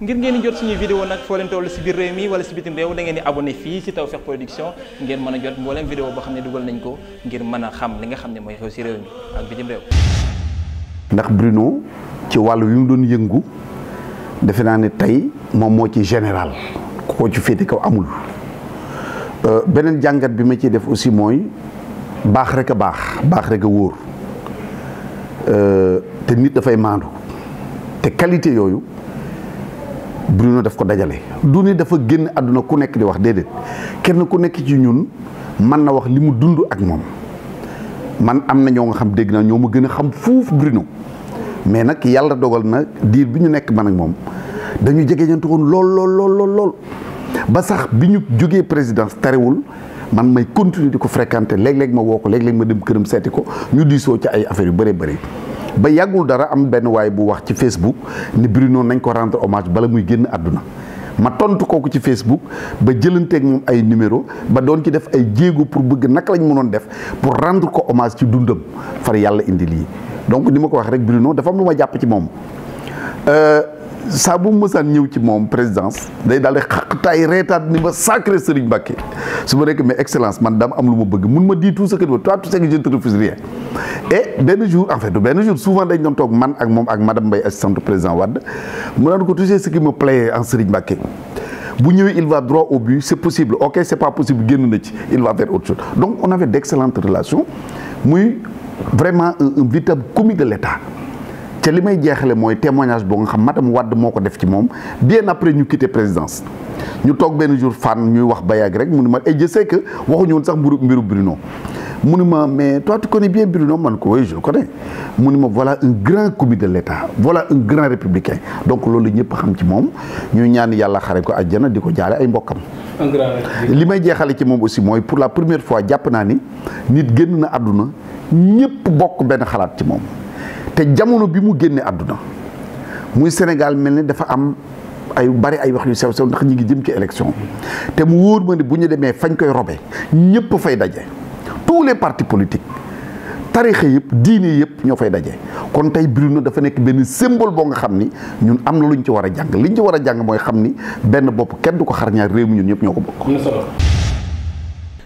ngir ngeen di jot suñuy vidéo nag foo leen toll si biir réew mi wala si bitim réew da ngeen di abonné fii si Tawfekh Production ngeen mën a jot mbooleem vidéo boo xam ne dugal nañ ko ngir mën a xam li nga xam ne mooy xew si réew mi ak bitim réew ndax Bruno ci wàll yu mu doon yëngu defe naa ne tey moom moo ci général koo ci féete kaw amul euh, beneen jàngat bi ma ciy def aussi mooy baax rek a baax baax rek a wóor euh, te nit dafay maandu te qualité yooyu Bruno daf ko dajale du ni dafa génn àdduna ku nekk di wax déedéet kenn ku nekk ci ñun man na wax li mu dund ak moom man am na ñoo nga xam dégg naa ñoo ma gën a xam fuuf Bruno mais nag yàlla dogal na diir bi ñu nekk man ak moom dañu jegeñante woon lool lool lool lool lool ba sax bi ñu jógee présidence tarewul man may continuer di ko fréquenter léeg-léeg ma woo ko léeg-léeg ma dem këram seeti ko ñu diisoo ci ay affaires yu bare bëri ba yàggul dara am benn waaye bu wax ci Facebook ni Bruno nañ ko rendre hommage bala muy génn àdduna ma tontu kooku ci Facebook ba jëlanteeg moom ay numéro ba doon ci def ay jéego pour bëgg naka lañ mënoon def pour rendre ko hommage ci dundam far yàlla indi lii donc ni ma ko wax rek Bruno dafa am lu ma jàpp ci moom. Euh, saa bu mësaan ñëw ci moom présidence day daal di xaqtaay reetaat ni ma sacré Serigne Mbacké su ma nekk mais excellence man dam am lu ma bëgg mun ma di tout ce que toi tu sais que je benn jour en fait du benn jour souvent dañ doon toog man ak moom ak madame Mbaye assistante président Wade mu naan en Serigne Mbacké bu ñëwee il va droit au but c'est possible ok c'est pas possible génn na ci il va faire autre chose donc on avait d'excellentes relations muy vraiment un véritable commis de l'État ca li may jeexale mooy témoignage boo nga xam madame Wade moo ko def ci moom bien après ñu quitté présidence ñu toog benn jour fànn ñuy wax ba yàgg rek munuma ni ma et je sais que waxuñu woon sax mbiru mu ni ma mais toi tu connais bien Bruno man ko oui je le connais mu ni ma voilà un grand commis de l'État voilà un donc loolu ñëpp xam ci moom ñu ñaan yàlla xare ko àjjana di ko jaale ay mbokkam li may jeexale ci moom aussi mooy pour la première fois jàpp naa ni nit génn na àdduna ñëpp bokk benn xalaat ci moom te jamono bi mu génnee àdduna muy Sénégal mel ni dafa am ay bari ay wax yu sew sew ndax ñu ngi jëm ci élection te mu wóor ma ne bu ñu demee fañ koy robe ñëpp fay daje tous les partis politiques tarixe yëpp diine yëpp ñoo fay daje kon tey Bruno dafa nekk benn symbole boo nga xam ni ñun am na lu ñu ci war a jàng li ñu ci war a jàng mooy xam ni benn bopp kenn du ko xar réew mi ñun ñëpp ñoo ko bokk.